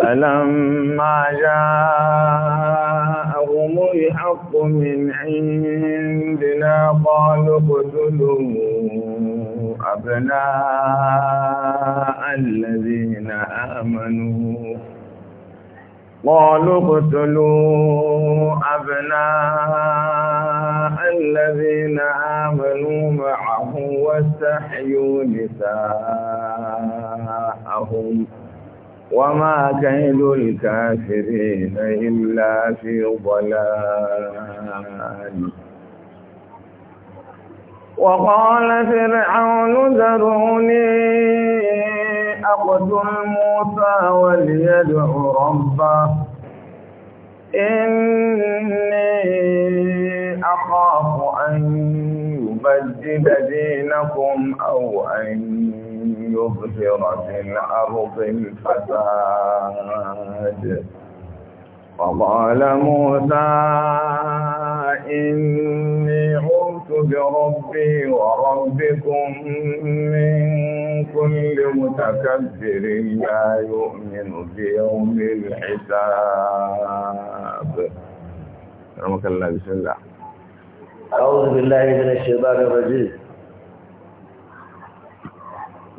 فلما جاءهم الحق من عندنا قالوا اقتلوا أبناء الذين آمنوا قالوا اقتلوا أبناء الذين آمنوا معه واستحيوا نساءهم وما كيد الكافرين إلا في ضلال وقال فرعون ذروني أقتل موسى وليدع ربه إني أخاف أن يبدل دينكم أو أن يظهر في الأرض الفساد فقال موسى إني عرت بربي وربكم من كل متكبر لا يؤمن بيوم الحساب رحمك الله بسم الله أعوذ بالله من الشيطان الرجيم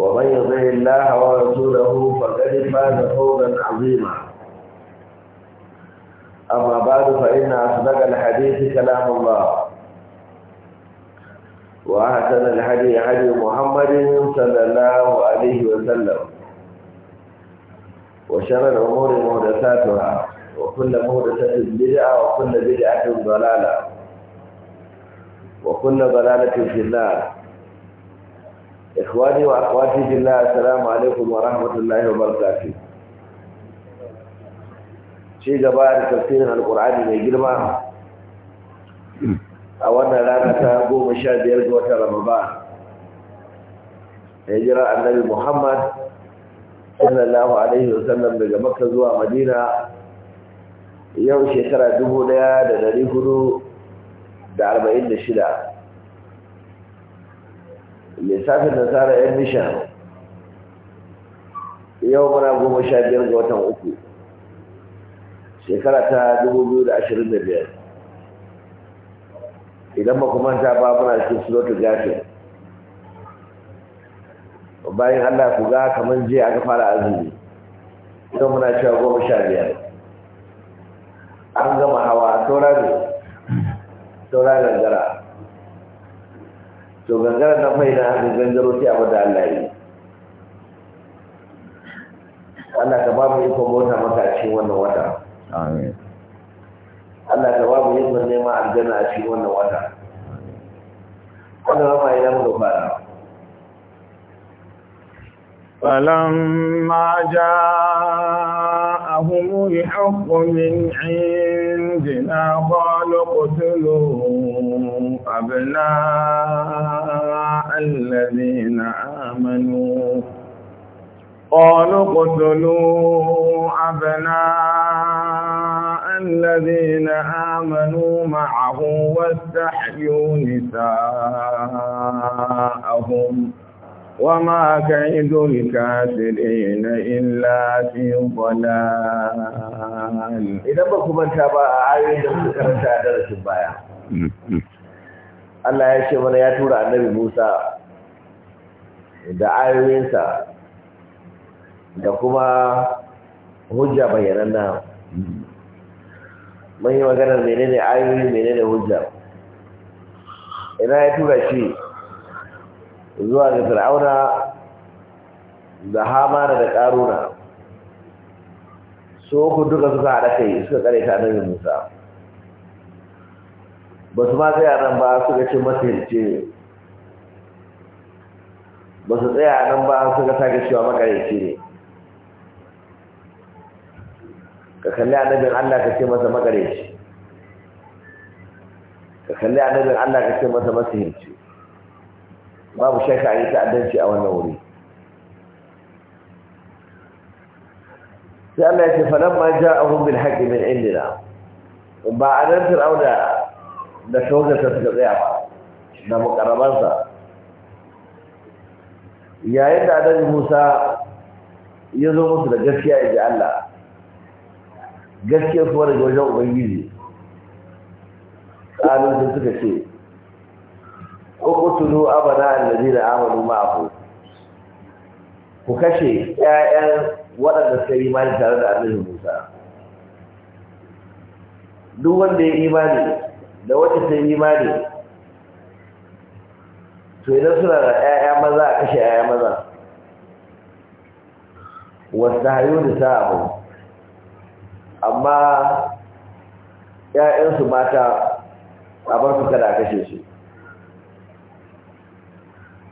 ومن يطع الله ورسوله فقد فاز فوزا عظيما أما بعد فإن أصدق الحديث كلام الله وأحسن الحديث حديث محمد صلى الله عليه وسلم وشر الأمور محدثاتها وكل محدثة بدعة وكل بدعة ضلالة وكل ضلالة في النار ikhwani wa akhwati billah assalamu alaikum wa rahmatullahi wa barakatuh ci gaba da tafsirin alqur'ani mai girma a wannan rana ta goma sha biyar ga watan ramadan jira annabi muhammad sallallahu alaihi wa sallam, daga makka zuwa madina yau shekara dubu ɗaya da ɗari hudu da arba'in da shida lissafin da tsara yan mishan yau muna goma sha biyar ga watan uku shekara ta dubu biyu da ashirin da biyar idan ba kuma ta ba muna cikin sulotu gafin bayan allah ku ga kamar jiya aka fara azumi yau muna cewa goma sha biyar an gama hawa saura ne saura gangara to gangara na fai na hannun gangaro sai abu da Allah yi Allah ka ba mu ikon mota maka a cikin wannan wata amin Allah ka ba mu ikon neman aljanna a cikin wannan wata wannan rama ina mu fara فلما جاء لهم الحق من عندنا قالوا اقتلوا أبناء الذين آمنوا قالوا اقتلوا أبناء الذين آمنوا معه واستحيوا نساءهم وما كيد الكافرين إلا في ضلال إذا ما كنت با آية karanta da rashin baya Allah ya ce mana ya tura annabi Musa da ayoyinsa da kuma hujja bayananna mun yi magana menene ayoyi menene hujja ina ya tura shi zuwa ga fir'auna da hamana da karuna so ku duka suka haɗa kai suka kare ta annabi musa ba su ma tsaya nan ba suka ce masirce ba su tsaya nan ba suka sake cewa makareci ne ka kalli annabin allah ka ce masa makareci ka kalli annabin allah ka ce masa masirce babu a yi ta'addanci a wannan wuri sai Allah ya ce falamma ja'ahum bil haqqi min indina ba a nan fir'auna da shogarsa suka tsaya ba da mukarrabansa yayin da annabi Musa ya zo musu da gaskiya ya ji Allah gaskiya kuwa daga wajen ubangiji ƙalin suka ce ukutulu abana allazina amanu ma'ahu ku kashe ƴaƴan waɗanda suka yi imani tare da annabi Musa duk wanda ya imani da wacce ta yi imani to idan suna da ƴaƴa maza a kashe ƴaƴa maza wasu hayo da ta abu amma ƴaƴansu mata a bar su kada a kashe su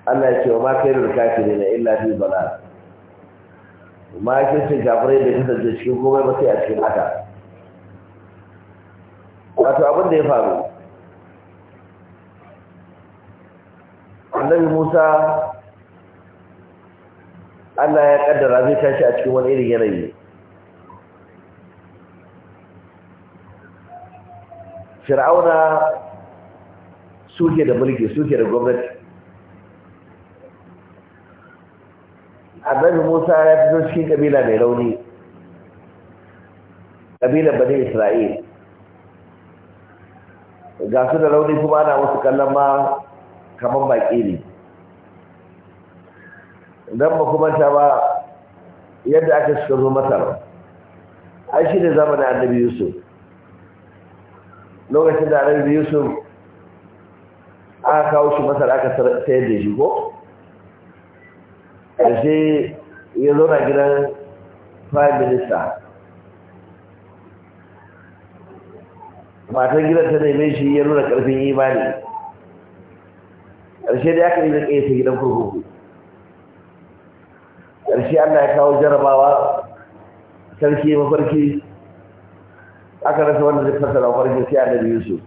Allah ya ce wa da ne na illa fi bala ma kirce gafirai da kasance cikin komai ba sai a cikin haka wato abin da ya faru annabi musa allah ya kaddara zai tashi a cikin wani irin yanayi fir'auna suke da mulki suke da gwamnati annabi musa ya fito cikin kabila mai rauni kabilan bane isra'il ga su da rauni kuma ana wasu kallon ma kamar baƙi ne don ba kuma ta ba yadda aka suka zo masar an shi ne zamanin annabi yusuf lokacin da annabi yusuf aka kawo shi masar aka sayar da shi ko ƙarshe ya zo na gidan prime minister matan gidan ta neme shi ya nuna ƙarfin imani ƙarshe da ya kan yi ta gidan kurkuku ƙarshe allah ya kawo jarabawa sarki mafarki aka rasa wanda zai fassara mafarki sai annabi yusuf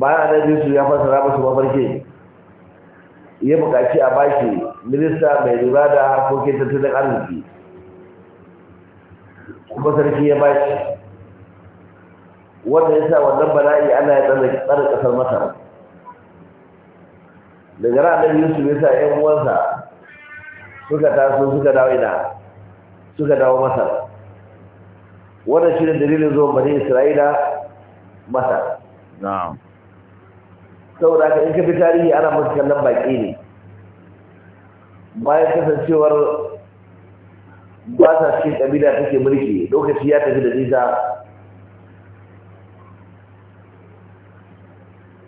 bayan annabi yusuf ya fassara masu mafarki ya buƙaci a bashi minista mai lura da harkokin tattalin arziki kuma sarki ya bashi wanda ya sa wannan bala'i ana ya tsara ƙasar masar daga ranar yusuf ya sa ‘yan uwansa suka taso suka dawo ina suka dawo masar wannan shi ne dalilin zuwan bani isra'ila masar saboda ka in ka fi tarihi ana masu kallon baƙi ne bayan kasancewar ba sa cikin ƙabila take mulki lokaci ya tafi da nisa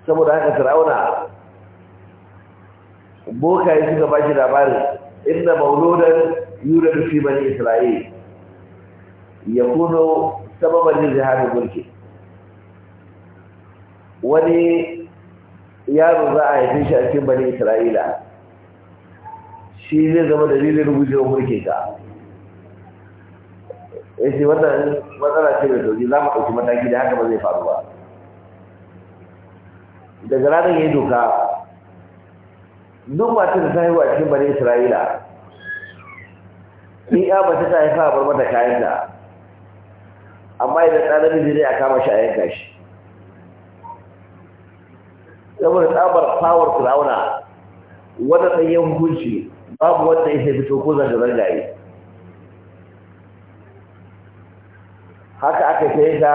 saboda haka fir'auna bokaye suka ba shi labarin inda mauludan yura fi bani isra'il ya kuno sababar yin ziharin mulki wani yaro za a haife shi a cikin bani isra'ila shi zai zama dalilin rubucewa mulke ka ya ce wannan matsala ce mai sauki za mu ɗauki mataki da haka ba zai faru ba daga ranar ya yi doka duk matar da ta haihu a cikin bani isra'ila in ya ba ta haifa a bar mata da amma idan ɗan namiji zai a kama shi a yanka shi saboda tsabar tsawar Fir'auna wanda tsayen hukunci babu wanda ya fito ko zanga zanga yi haka aka sai ga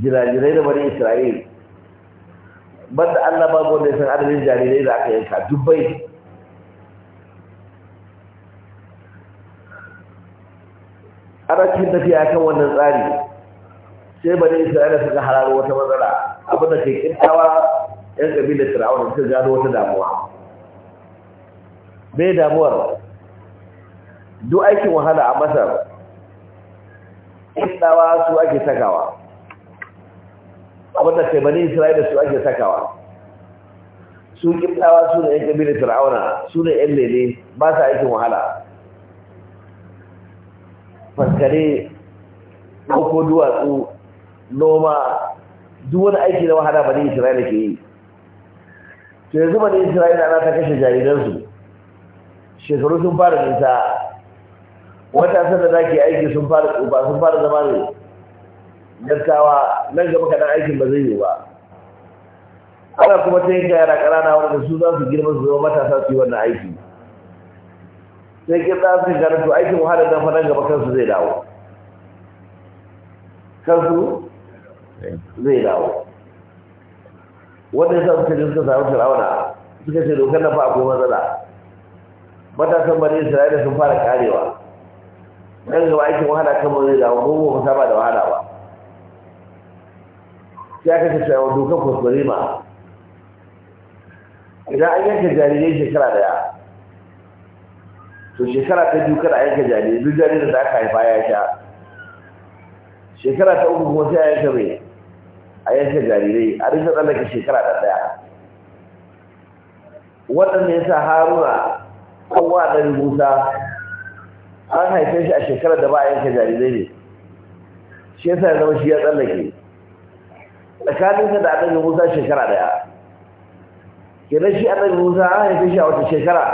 jirajirai da bari Isra'il banda Allah babu wanda ya san adadin jarirai da aka yanka dubbai ana cikin tafiya kan wannan tsari sai bane isra'ila suka hararo wata matsala abinda ke kintawa yan kabilar da ta gano wata damuwa bai damuwar duk aikin wahala a masar ɗawa su ake sakawa abinda taimanin isra'ila su ake sakawa su ƙiɓɗawa su ne 'yan ƙabilin fir'auna su ne 'yan lele ba sa aikin wahala faskare ɗauko duwatsu noma duk wani aiki na wahala ba ne isra'ila ke yi to yanzu bane isra'ila na ta kashe jariransu shekaru sun fara nisa matasan da zaki aiki sun fara tsufa sun fara zama ne dattawa nan gaba kaɗan aikin ba zai yi ba ana kuma ta yanka yara ƙanana wanda su za su girma su zama matasa su yi wannan aiki sai kin za su gane su aikin wahala nan fa nan gaba kansu zai dawo kansu zai dawo wanda ya sa suka je suka samu fir'auna suka ce dokar na fa akwai matsala matasan bari isra'ila sun fara karewa dan gaba aikin wahala kan mu da dawo mu ba saba da wahala ba sai aka ce cewa dokar kuskure ma idan an yanka jarirai shekara daya to shekara ta biyu kada a yanka jarirai duk jaririn da aka haifa ya sha shekara ta uku kuma sai a yanke mai a yanka jarirai a rinka tsallaka shekara da daya waɗanda ya sa haruna kowa da rubuta an haife shi a shekarar da ba a yanka jarirai ne shi ya sa ya zama shi ya tsallake tsakaninsa da annabi musa shekara daya kenan shi annabi musa an haife shi a wata shekara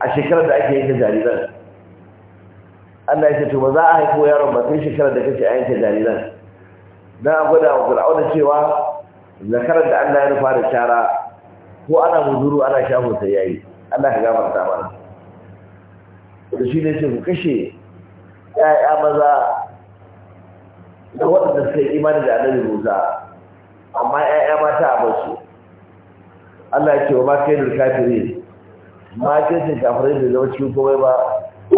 a shekarar da ake yanka jariran Allah ya ce to ba za a haifo yaron ba sai shekarar da kace a yanka jariran na gwada wa fir'auna cewa zakarar da Allah ya nufa da shara ko ana muzuru ana shafin sai yayi Allah ya gafarta mana da shi ne sai ku kashe ƴaƴa maza da waɗanda suka yi imani da annabi Musa amma ƴaƴa mata a su Allah ya ce wa ma da kafiri ma kaidul kafirai da zama cikin komai ba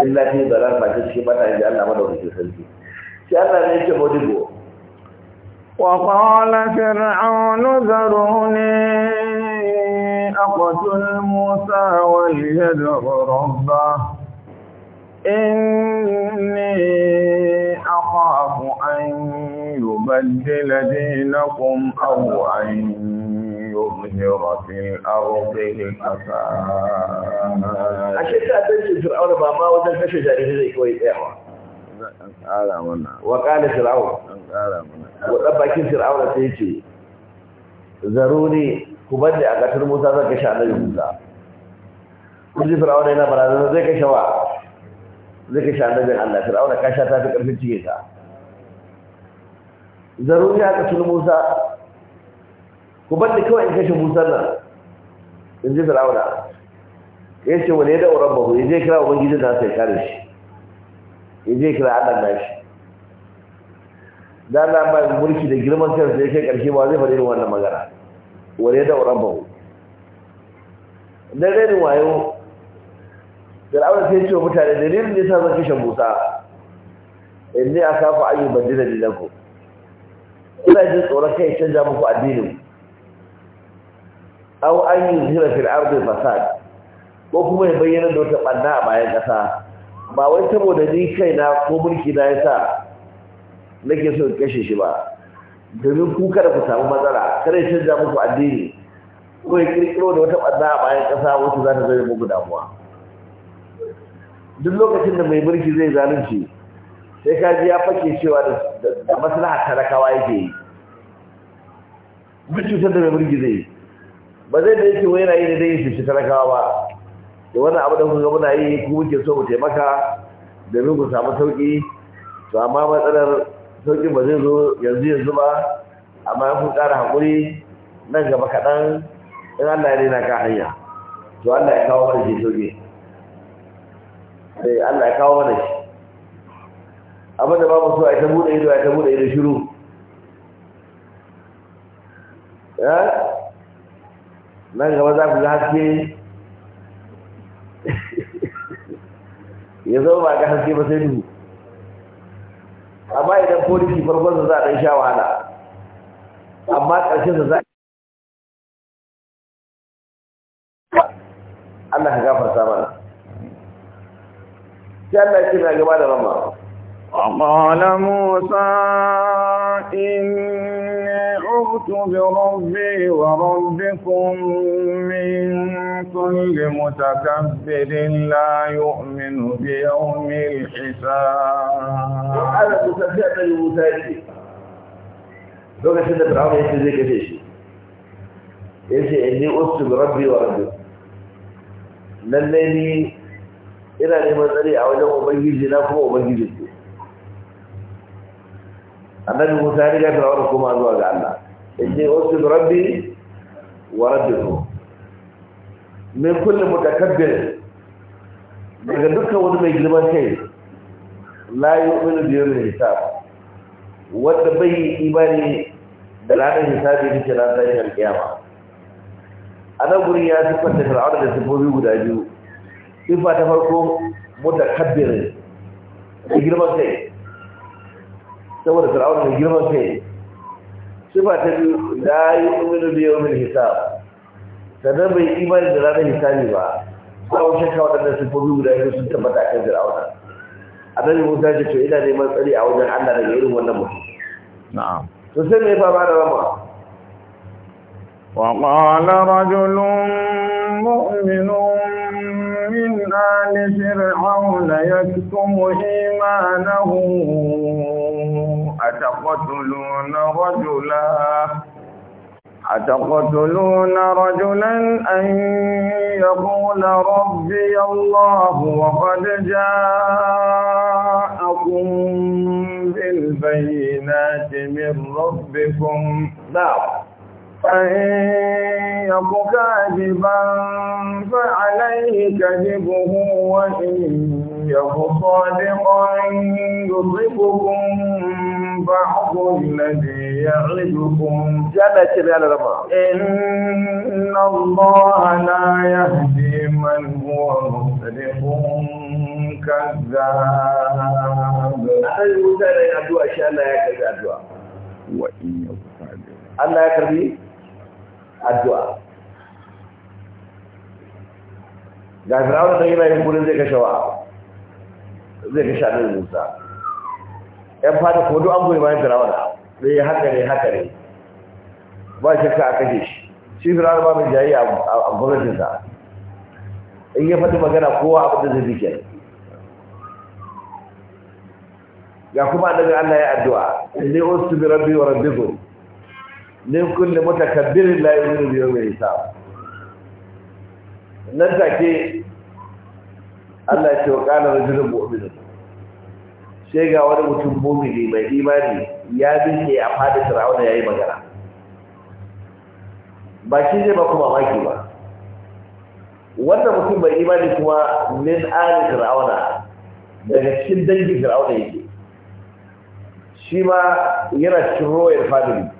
illa fi dalal ba ta cikin mata da Allah madaukakin sarki sai Allah ne ya ce modibo وقال فرعون ذروني أقتل موسى وليدع ربه إني أخاف أن يبدل دينكم أو أن يظهر في الأرض الفساد. عشان تعتمد فرعون بابا كويس وقال فرعون wadda bakin fir'auna sai ce zaro ne ku bar da a ƙasar musa zan kashe annabi musa kun ji fir'auna yana barazana zai kashe wa zai kashe annabi allah fir'auna kasha ta fi ƙarfin cike ta zaro a ƙasar musa ku bar da kawai in kashe musa nan in ji fir'auna ya ce wani ya da'urar bahu ya je kira ubangiji da sai kare shi ya je kira allah na shi da Allah ba mulki da girman kansa ya kai karshe ba zai faɗi yin wannan magana wale da rabbahu da rainin wayo Allah sai ya ce wa mutane dalilin ne sa zan kishin Musa inni akafu an yubaddila dinakum ina jin tsoron kai canja muku addinin aw an zira fil ardi fasad ko kuma ya bayyana da wata banda a bayan kasa ba wai saboda ni kaina ko mulki na yasa nake so in kashe shi ba domin ku kada ku samu matsala kada ya canza muku addini ko ya kirkiro da wata ɓanna a bayan ƙasa wacce za ta zai muku damuwa duk lokacin da mai mulki zai zalunci sai ka ji ya fake cewa da maslaha talakawa yake yi duk cutar da mai mulki zai yi ba zai da yake wani yanayi da dai cuci talakawa ba da wannan abu da kuka muna yi ku muke so mu taimaka domin ku samu sauki to amma matsalar saukin ba zai zo yanzu ya zuba amma ya kun ƙara haƙuri nan gaba kaɗan in Allah ya daina ka hanya to Allah ya kawo mana shi sauƙi sai eh, Allah ya kawo mana shi abin da ba mu so a ta buɗe ido a ta buɗe ido shiru eh? nan gaba za ku ga haske ya zama ba ga haske ba sai duhu amma idan polisi farkon za a ɗan sha wahala amma ƙarshen za Allah ka gafarta mana sai Allah ya ce na gaba da ramar. وقال موسى إني عرت بربي وربكم من كل متكبر لا يؤمن بيوم الحساب وعلى تسبيعة المتاجئ لو كان سيدنا فرعون يأتي زي كفيش يأتي إني عرت بربي وربكم أولا لكم annabi musa ya riga fir'auna kuma zuwa ga Allah yace usbir rabbi wa rabbukum min kulli mutakabbir daga dukkan wani mai girman kai la yu'minu bi yawmil hisab wanda bai imani da ranar hisabi da ke ranar tashin kiyama a nan gurin ya siffanta fir'auna da siffofi guda biyu sifa ta farko mutakabbir da girman kai saboda fir'auna da girman kai sifa ta biyu la yu'minu bi yawmil hisab sannan bai imani da ranar hisabi ba kawo waɗanda su sifofi guda biyu sun tabbata a kan fir'auna annabi Musa ya ce ina neman tsari a wajen Allah daga irin wannan mutum na'am to sai me fa ba da rama wa qala rajulun mu'minun من آل فرعون يكتم إيمانه أتقتلون رجلا أتقتلون رجلا أن يقول ربي الله وقد جاءكم بالبينات من ربكم لا نعم. فإن يك كاذبا فعليه كذبه وإن يك صادقا يصفكم بعض الذي يعدكم إن الله لا يهدي من هو مسرف كذاب Allah ya karbi addu'a ga firawun da yana yin gurin zai kashe wa zai kashe annabi musa yan fata ko duk an goyi bayan firawun sai haka ne haka ne ba shakka a kashe shi shi firawun ba mai jayi a gwamnatinsa in ya faɗi magana kowa abin da zai zike ga kuma annabi Allah ya addu'a inni ustu bi rabbi wa rabbikum min kulli mutakabbirin la yu'minu bi yawmi hisab nan take Allah ya ce wa kana rajulun mu'min sai ga wani mutum mu'mini mai imani ya binne a fadin ya yayi magana ba shi ne ba kuma maki ba wannan mutum mai imani kuma min ali Fir'auna daga cikin dangin Fir'auna yake shi ma yana cikin royal family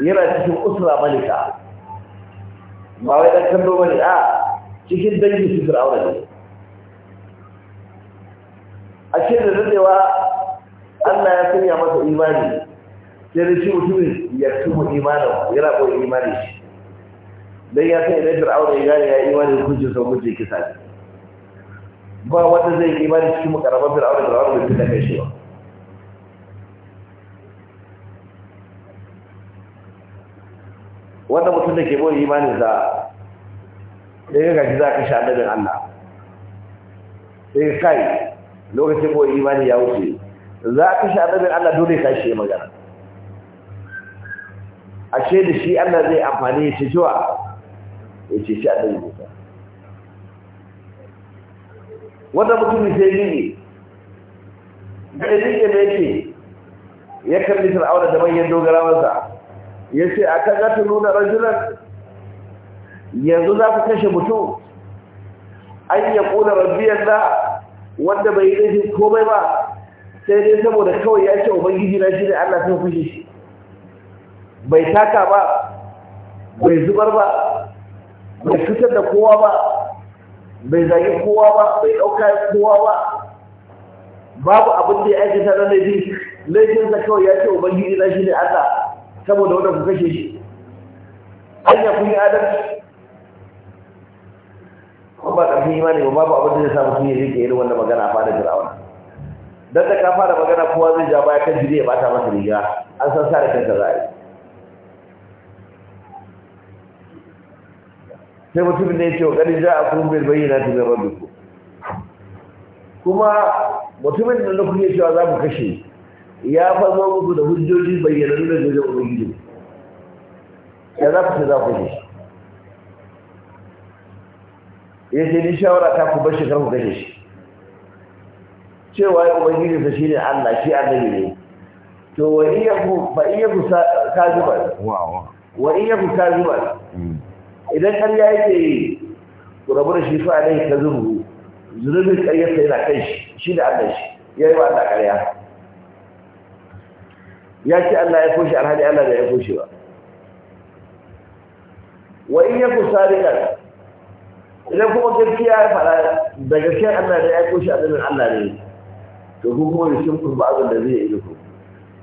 yana cikin usra malika ba wai ɗan kallo bane a cikin dangi su fir'auna ne a ce da dadewa Allah ya sanya masa imani sai da shi mutumin ya tumu imanin yana koyi imani shi dan ya san idan fir'auna ya gane ya imani hujjar sa hujjar kisa ba wanda zai imani cikin mukarraban fir'auna da wani bai da kai shi ba wanda mutum da ke boye imanin sa sai ga gaji za ka sha annabin Allah sai kai lokacin boye imani ya wuce za ka sha annabin Allah dole ka shi magana ashe da shi Allah zai amfani ya ce jiwa ya ce shi annabi Musa wanda mutum yi ne da ne yake ya kalli fir'auna da manyan dogarawansa ya ce a kan zata nuna rajulan yanzu za ku kashe mutum an ya ƙuna rabbiyar da wanda bai yi laifin komai ba sai dai saboda kawai ya ce ubangiji na shi ne allah sun fushi shi bai taka ba bai zubar ba bai fitar da kowa ba bai zagi kowa ba bai ɗauka kowa ba babu abin da ya aikata na laifin laifinsa kawai ya ce ubangiji na shi ne allah saboda wadda ku kashe shi hanya kun yi adalci ba ƙarfin imani ba babu abin da zai samu kunya zai ke irin wannan magana a fara jirawa dan da ka fara magana kowa zai ja baya kan jiri ya bata masa riga an san sa da kanka za a yi sai mutumin ne ce wa ƙarin za a kuma bai bayyana ta zama duku kuma mutumin da na ya cewa za mu kashe ya fama muku da hujjoji bayyanannu da jirgin ubangiji ya za ku ce za ku shi ya ce ni shawara ta ku bar kan ku gashe shi cewa ya ubangiji sa ne Allah shi annabi ne to wa iyaku fa iyaku kazuba wa iyaku zuba mm. idan ƙarya yake yi ku rabu da shi ka alai zurubin karyar sai yana kai shi shi da Allah shi yi ba Allah ƙarya ya ce Allah ya koshi alhali Allah da ya koshi ba wa in yaku sadiqan idan kuma gaskiya ya fara da gaskiyar Allah da ya koshi azumin Allah ne to ku kuma rishin kun ba azan da zai yi ku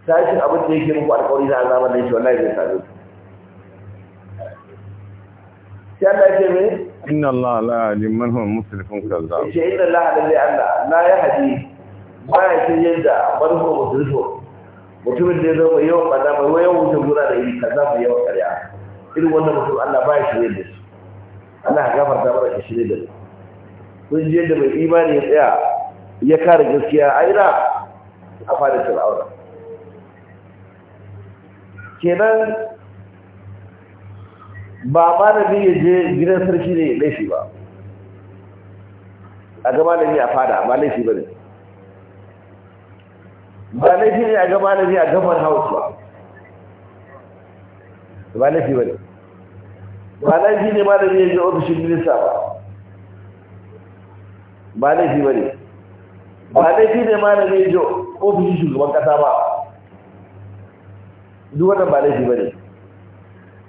sashin abin da yake muku alƙawari na azaban da yake wallahi zai sadu sai Allah ya ce me inna Allah la yahdi man huwa musrifun kazzab ce inna Allah la yahdi Allah la yahdi ba ya ce yadda man huwa musrifun mutumin da ya zama yawan ɓada mai yawan wuce gura da iri kaza mai yawan ƙarya irin wannan mutum Allah ba ya shirye da su Allah ya gafarta mana ya shirye da su sun je da mai imani ya tsaya ya kare gaskiya a ina a fadin fir'auna kenan ba malami ya je gidan sarki ne laifi ba a ga malami a fada ba laifi ba ne ba laifi ne a ga malami a gaban hausa ba laifi ba ne ba laifi ne malami ya ofishin minista ba ba laifi ba ne ba laifi ne malami ya je ofishin shugaban kasa ba duk wannan ba laifi ba ne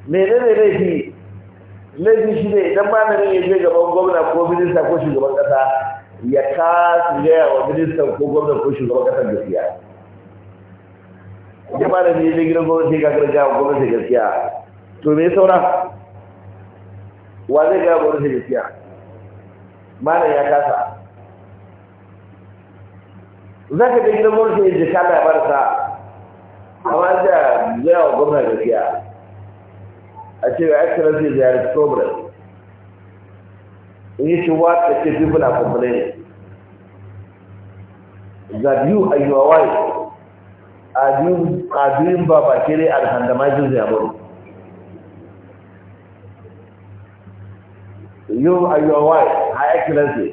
menene laifi laifi shi ne idan malamin ya je gaban gwamna ko minista ko shugaban kasa ya kasu gaya wa ministan ko gwamna ko shugaban kasar gaskiya ya ba da ne gidan gwamnati ga garga gwamnati gaskiya to me saura wa zai ga gwamnati gaskiya malam ya kasa za ka ga gidan gwamnati ya jika da barsa amma da zai wa gwamnati gaskiya a ce ya excellency they are sovereign in yi shi what the people are complaining that biyu and your wife abin ba ba kere a handamajin zabar you and your wife her excellency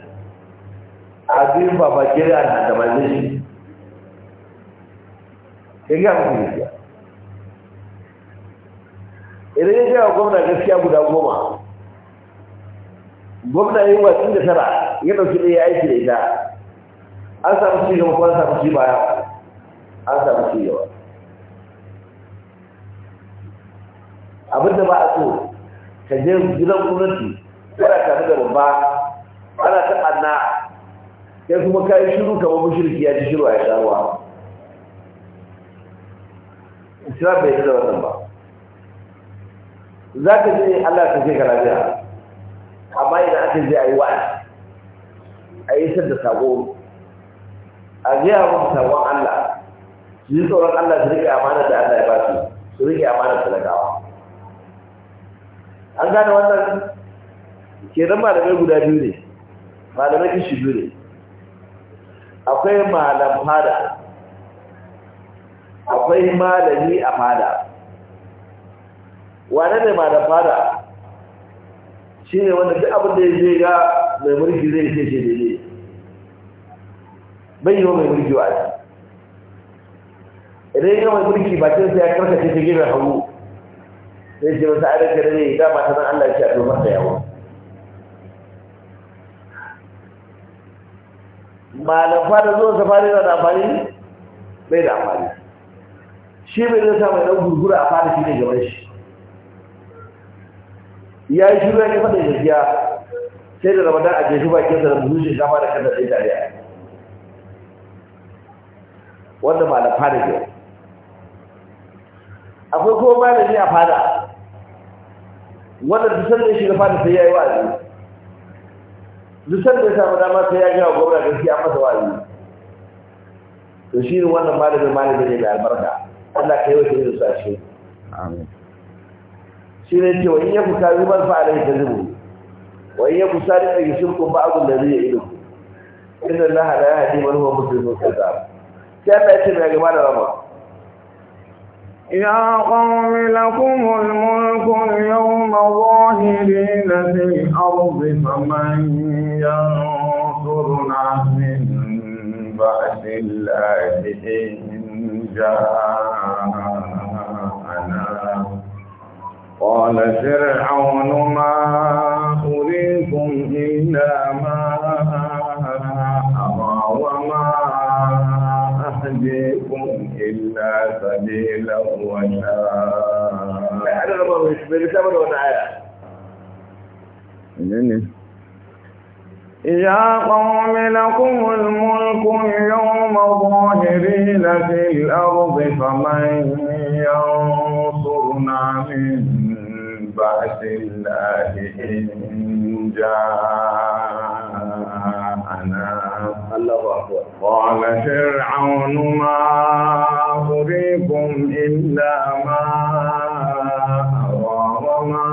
abin ba ba kere a handamajin shi ya mutu gaskiya idan ya gaya gwamna gaskiya guda goma gwamna yi watsin da tara ya ɗauki ɗaya aiki da ita an samu ci gaba kuma an samu ci baya an samu ci yawa abin da ba a so ka je gidan gwamnati da tare da babba ana ta ɓanna sai kuma ka yi shiru kamar mashirki ya ji shiru a yi sharuwa isra bai da wannan ba za ka je allah ka ce ka lafiya amma idan aka je a yi wa'ad a yi sanda sako a gaya wa sakon allah yi tsoron Allah su rike amana da Allah ya ba su su rike amana talakawa an gane wannan kenan malamai guda biyu ne malamai kishi biyu ne akwai malam fada akwai malami a fada wane ne malam fada shi ne wanda duk abin da ya je ga mai mulki zai ce shi ne. bai yi wa mai mulki wa'azi idan mai mulki bakin sa ya karka ce gidan hagu sai ce masa a daga dare ba ta nan Allah ya ce a da yawa malafa da zuwa safari na da amfani bai da amfani shi bai zai sa mai gurgura a fara shi ne gaban shi ya yi shirya ya kafa da gaskiya sai da ramadan a jefi bakin sa da buzu shi kama da kanta sai tare wanda malafa da ke akwai kuma malami a fada wanda dusar da shi na fada sai ya yi wa'azi dusar da ya samu dama sai ya gina gwamna a masa wa'azi to shi ne wannan malamin malamin ne mai albarka Allah ka yi wata yin sa shi shi ne cewa in ya kusa zubar fa ta zubu wa in yaku sari ka yushirku ba abin da zai ilu inna Allah la yahdi man huwa muslimun kadhab sai Allah ta ce mai gaba da rama يا قوم لكم الملك اليوم ظاهرين في الأرض فمن ينصرنا من بعد الله إن جاءنا قال فرعون ما أريكم إلا ما أرى وما أهديكم إلا سبيلا وشاء أنا ما مش يا قوم لكم الملك اليوم ظاهرين في الأرض فمن ينصرنا من بعد الله إن جاء الله أكبر قال فرعون ما أريكم إلا ما أرى وما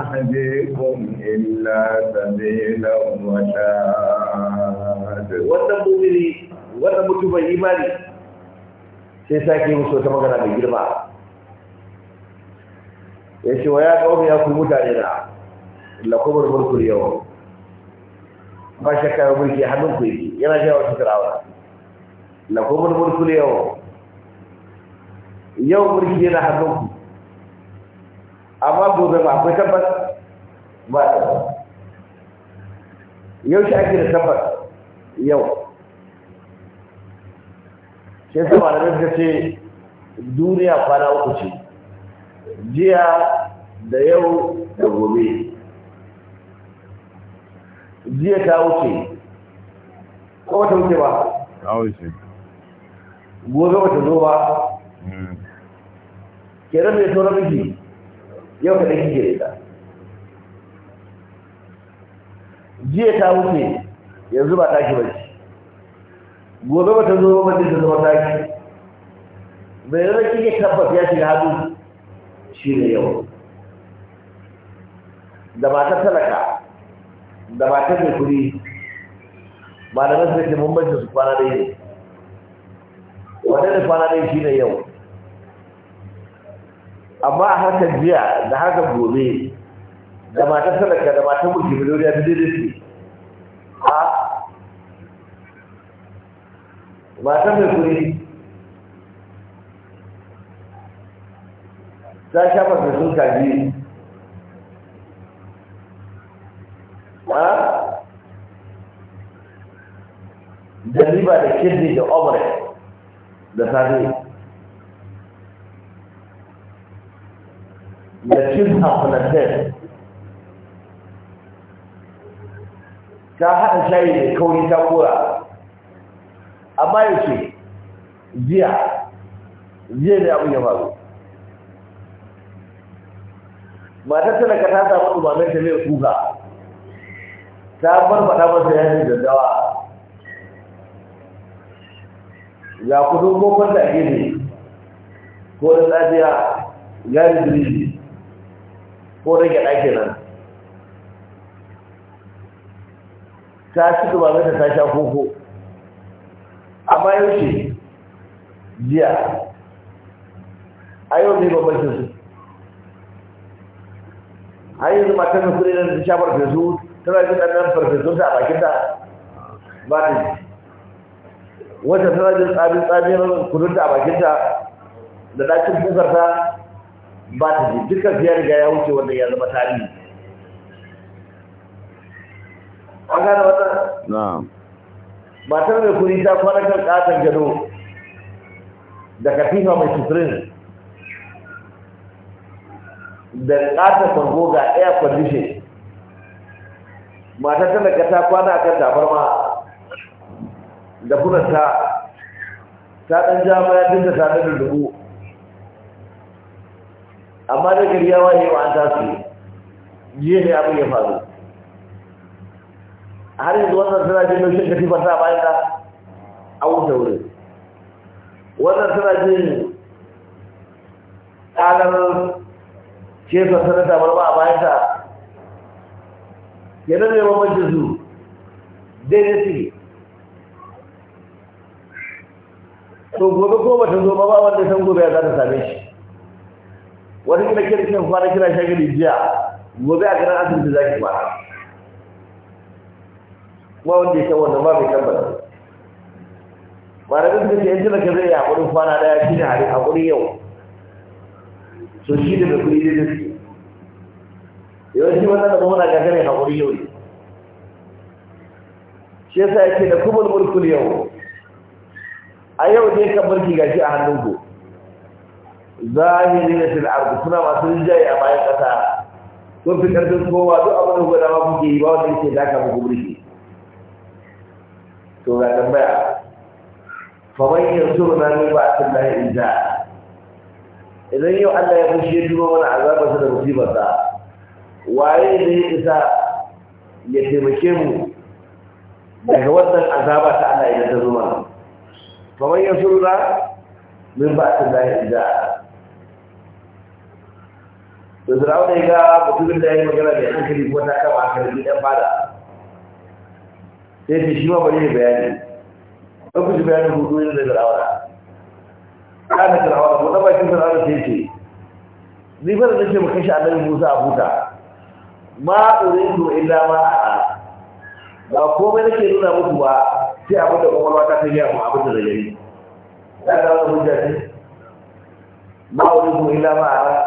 أهديكم إلا سبيل الرشاد sai sake musu wata magana mai girma ya ce wa ya kawo ya ku mutane na lakumar mulkul yau ba shakka mulki hannun ku yake yana jawo wasu na lakumul mulkul yau yau mulki yana hannun ku amma gobe ba akwai tabbas ba yau shi ake da tabbas yau shi yasa malamai suka ce duniya kwana uku ce jiya da yau da gobe jiya ta wuce ko wata wuce ba ta wuce gobe wata zo ba hmm. ke ran mai sauran miki yau ka dake gere ta jiya ta wuce yanzu ba taki ba ce gobe wata zo ba ta zama taki bai rana kike tabbas ya shiga hadu shi ne yau da matar talaka da matar mai kuri malaman suka ce bambancin su kwana da yau, wane da kwana ɗaya shi ne yau amma a harkar jiya da harkar gobe da matan sadaka da matan mulki miliyoniya da daidai su a Matan mai kuri ta shafa mai sun kaji da riba da kidney da ovary da tare da cin afinatel ta haɗa shayi da kauri ta kura amma yaushe jiya jiya ne abin ya faru tana talaka ta samu umarnin ta mai kuka ta barbaɗa masa yaji da dawa ya kudu ko kwanta gini ko da tsadiya ya yi biriji ko rage ɗaki nan ta ci ba mata ta sha koko amma yaushe jiya a yau ne babban su a yanzu matan da kuri da shabar da su tana jin ɗanɗan farfesun ta a bakin ta ba ta wata tana jin tsamin tsamin kudin ta a bakin ta da ɗakin kusar ta ba ta ji dukkan fiye riga ya wuce wanda ya zama tarihi an gane wata matar mai kuri ta kwana kan katon gado da katifa mai sufurin da ƙaton bango ga air condition Mata talaka ta kwana akan tabarma da kunanta ta ɗan ja bayan da ta ɗan dubu amma da gari yawa ne wa an tasu yi ne abin ya faru har yanzu wannan suna jin laushin katifar ta bayan ta a wuce wurin wannan suna jin ƙarar kesa sanata barba a bayan ta yana ne mamman da dai daidai suke to gobe ko ba ta zo ba wanda san gobe za ta same shi wani kira kira kira kwana kira shagali jiya gobe a kanan asibiti za ki kwana Kuma wanda ya san wannan ba mai tabbata malamin da ke yanzu da ka zai yi haƙurin kwana ɗaya shi ne haƙurin yau so shi da mai kuɗi daidai suke yawanci wannan da muna gagare haƙuri yau ne shi yasa yake da kubul mulkul yau a yau ne kan mulki gashi a hannunku zahiri na fil ardu suna masu rinjaye a bayan ƙasa sun fi ƙarfin kowa duk abin da gwada ma kuke yi ba wanda yake daka muku mulki to ga tambaya faman yanzu na ni ba a tun lahi in idan yau Allah ya ya duba mana azabarsa da musibarsa waye da ya isa ya taimake mu daga wannan azaba ta Allah idan ta zuma kamar ya surra min ba ta dai da da zirawa ne ga mutumin da ya yi magana mai hankali ko ta kama hankali dan fada sai ta shi ma bari ne bayani ɗauku ji bayanin hudu ne da zirawa ta da zirawa ko ɗan bakin zirawa sai ce ni ba da ke mu kashe annabi musa a ma uridu illa ma a'a ba komai nake nuna muku ba sai abin da kuma ta ta gaya mu abin da zai yi ya ga wani hujja ce ma uridu illa ma a'a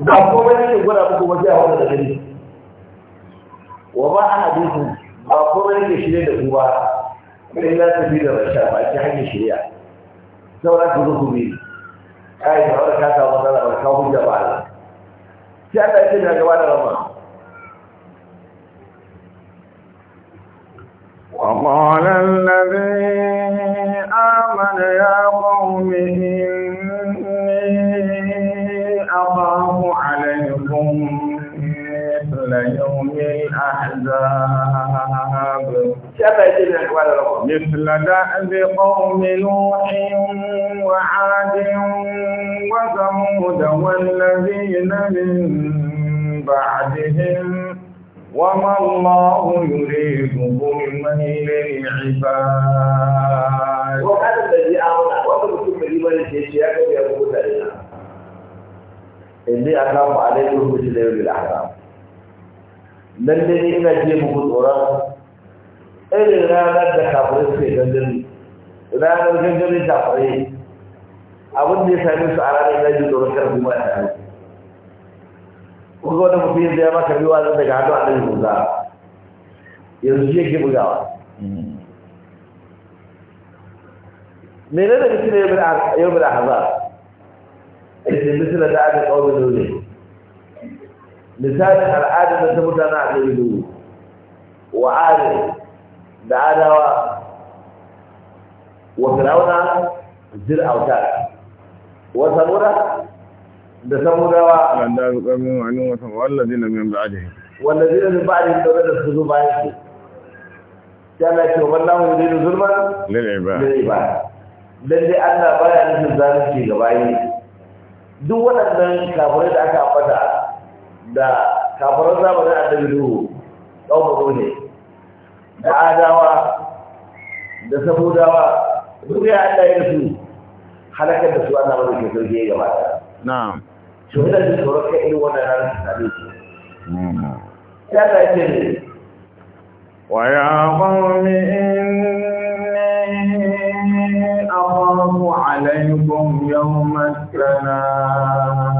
ba komai nake gwada muku ba sai abin da zai yi wa ba a hadisu ba komai nake shirye da ku ba sai na tafi da rasha ba ki hanyar shirya sauran ku zo ku biyu ai da wani kasa wata da wani kawo hujja ba Allah sai Allah ce da gaba da rama وقال الذي آمن يا قوم إني أخاف عليكم يوم الأحزاب مثل دأب قوم نوح وعاد وثمود والذين من بعدهم وما الله يريد ظلما للعباد وهذا الذي أعونا وقد كنت لمن الشيخ يقول لنا إني أخاف عليكم مثل يوم الأحزاب lalle ne ina je muku tsoron irin ranar da kafirai suke gangare ranar gangare kafirai abin da ya same su a ranar ina je tsoron kar kuma ta hau kuka wani mutum yanzu ya maka biyuwa zan daga hannu a ɗan yanzu yanzu shi yake bugawa menene da mutum ne yau bin ahazar ita misira da aka ƙaunar dole misalin al'adar da ta mutane a ɗari dubu wa ari da adawa wa firauna zir autar wa samura da samurawa nan da rukamin wani watan wallazina min ba'dihim wallazina min ba'dihim dole da su zo bayan su yana ce wallahu yuridu zulman lil ibad lil ibad lalle Allah baya nufin zalunci ga bayi duk waɗannan kafirai da aka ambata da kafaran zamanin annabi nuhu ɗaukako ne da adawa da samudawa duk ya yi da su halakar da su ana mana ke sauke ga gabata na shi da su kai irin wannan ranar su same su ya ta ce ne ويا قوم إني أخاف عليكم يوم التنام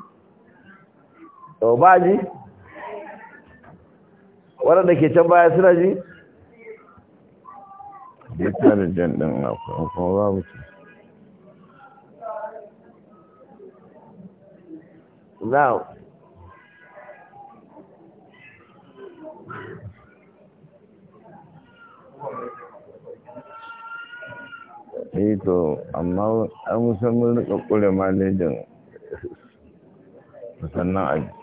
To ba ji waɗanda ke can baya suna ji tare jan akwai now eh an musamman rika malejin sannan